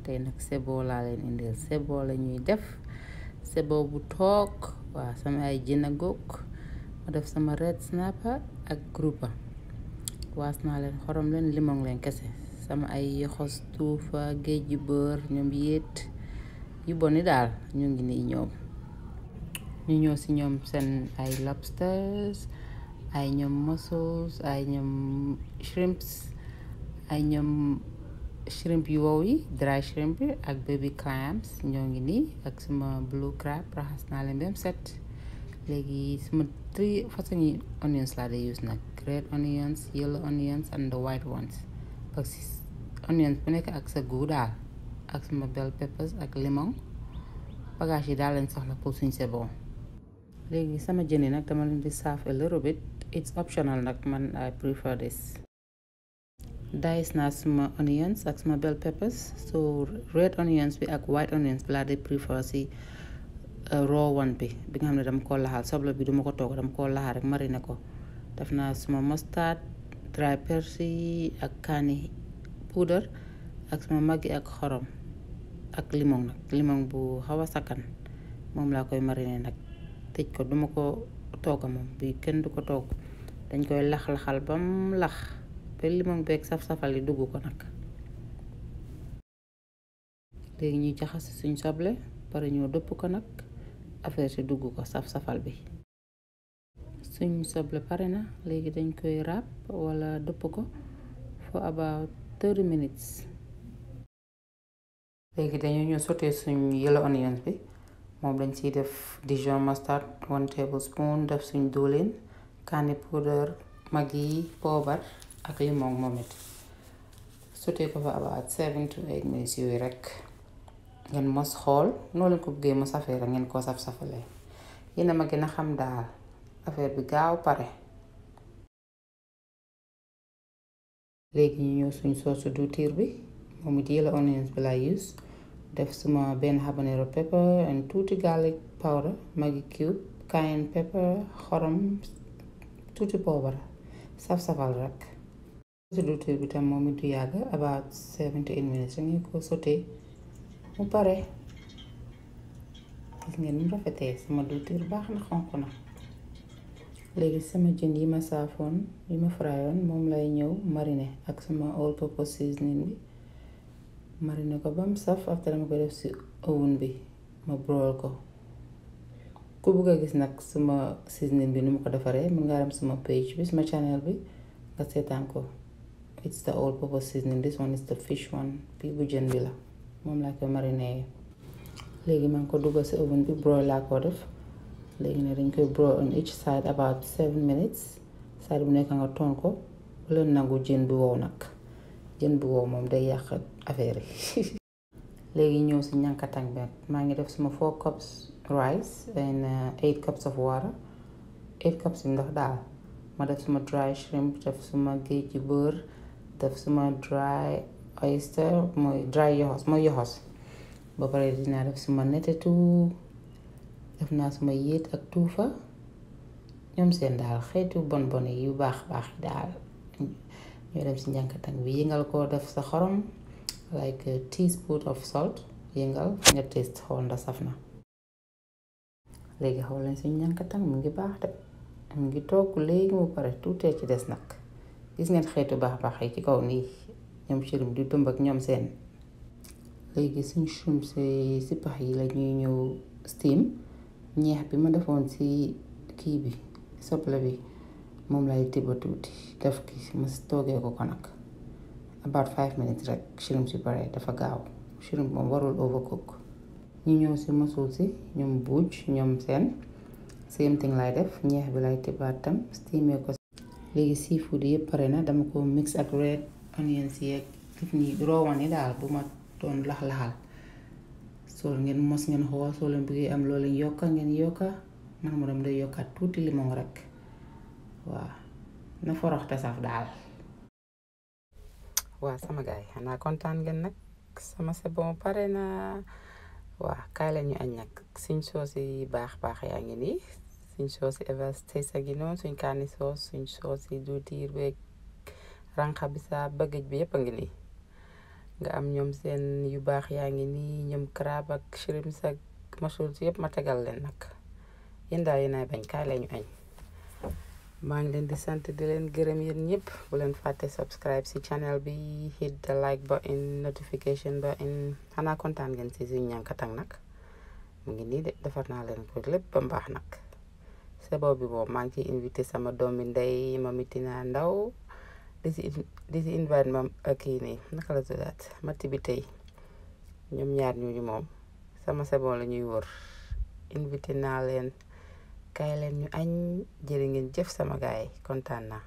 tey nag sebo laa leen indil sebo la ñuy def sebo bu toog waaw sama ay jën ma def sama red snapper ak grouper waas naa leen xorom leen limoŋ leen kese sama ay xos tuufa géej bër ñoom yéet yu boni daal ñu ngi nii ñoom ñu ñëw ci ñoom seen ay lobsters ay ñoom mussels ay ñoom shrimps ay ñoom shrimp yu wow yi dry shrimp ak baby clams ñoo ngi nii ak suma blue crab raxas naa leen bem set léegi suma three façon yi onions laa day use nag red onions yellow onions and white ones parce que onions bu nekk ak sa goût daal ak suma bell peppers ak limon bagage yi daal lañ soxla pour suñ c'est léegi sama jën yi nag dama leen di saaf it's optional nag man I prefer this dice na suma onions ak suma bell peppers so red onions bi ak white onions la de prefer si uh, raw one bi bi nga xamne dam ko laal soble bi duma ko toog dam ko laal rek ko def suma mustard dry persil ak kani powder ak suma magi ak xorom ak limon nak limon bu xawa sakan mom la koy marine nak tej ko duma ko tooga mom bi kenn du ko toog dañ koy lax lakhal bam lax ba limon saf-safal yi dugg ko nag léegi ñu jaxase suñ soble pare ñoo ko nag affaire si dugg ko saf-safal bi suñ soble pare na léegi dañ koy ràpp wala dëpp ko for about 30 minutes léegi dañu ñu sotee suñ yellow onions bi moom dañ ciy def Dijon mustard one tablespoon def suñ diwlin kaani poudre Maggi poobar ak limon moom it sauté ko fa about seven to eight minutes yooyu rek ngeen mos xool noo leen ko bëggee mu safee rek ngeen koo saf-safalee yéen a ma gën a xam daal affaire bi gaaw pare léegi ñu ñëw suñ soosu duutiir bi moom it yellow onions bi laay use def suma benn habanero pepper and tuuti garlic powder magi cube cayenne pepper xorom tuuti poobara saf-safal rek So do till bit am yaga about 7 to 8 minutes ñu ko sote. mu paré gis ngeen mu rafété sama doutir baax na xonk na légui sama jën yi ma safon yi ma frayon mom lay ñew mariné ak sama all purpose seasoning bi mariné ko bam saf after ma ko def ci oven bi ma broil ko ku bëgg gis nak sama seasoning bi nu ko défaré mën nga ram sama page bi sama channel bi nga sétan ko it's the all purpose seasoning this the fish one bii bu jën bi la moom laa koy mariner léegi maa ngi ko dugal si oven bi broil laa ko def léegi ne dañ koy broil on each side about seven minutes side bu nekk nga ton ko bu leen jën bi wow nag jën bi wow moom day yàq affaire yi léegi ñëw si ñankatang bi maa ngi def suma four cups rice and uh, eight cups of water eight cups yi ndox daal ma def suma dry shrimp def suma géej gi def suma dry oyster mooy dry yoxos mooy yoxos ba pare dinaa def suma netetu def naa suma yéet ak tuufa ñoom seen daal xeetu bon bon yu baax baax daal ñoo dem si njànkatan bi yëngal ko def sa xorom like a teaspoon of salt yëngal nga taste xool ndax saf na léegi xaw leen si njànkatan mu ngi baax de mu ngi togg léegi mu pare tuutee ci des nag gis ngeen xeetu baax baax yi ci kaw nii ñoom chérim du tëmb ak ñoom seen léegi suñ chumse si pax yi la ñuy ñëw steam ñeex bi ma defoon si kii bi soble bi moom lay tiba tuuti def ki ma toogee ko ko nag about five minutes rek chérim si dafa gaaw chérim moom warul overcook ñu ñëw si masul si ñoom buuj ñoom seen same lay def ñeex bi lay tibaat tam steamee ko legi seafood yep pare na dama ko mix ak red onions yek def ni rowan dal, daal bu ma doon lax ngeen mos ngeen xool so len bëgg am loolu yokka ngeen yokka man mo dem day yokka touti limon rek wa na forox ta saf dal wa sama gay, ana kontan genek, ngeen nak sama c'est bon pare na wa kay lañu añ nak seigne soos yi bax ngi inshoosi evastace gi noonu suñ kaani soos suñ soos yi du diir du ranxa bisaab ba géej bi yëpp ngi nii nga am ñoom seen yu baax yaa ngi nii ñoom crab ak shrimp ak mushrooms yëpp ma tegal ay bañ kaay lañu di sante di len gërem yeen bu len faté subscribe si channel bi hit the like button notification button xanaa kontaan ngeen si suñu ñànkatang nak. mu ngi nii de defar kulip leen ko sebo bi boo maa ngi ciy invité sama doom doomi ndey miti naa Ndaw di si di ma euh, kii nii naka la tuddaat matti bi tey ñoom ñaar ñooñu moom sama sebo la ñuy wër invité naa leen kaay leen ñu añ jërë ngeen jëf sama gaay kontaan naa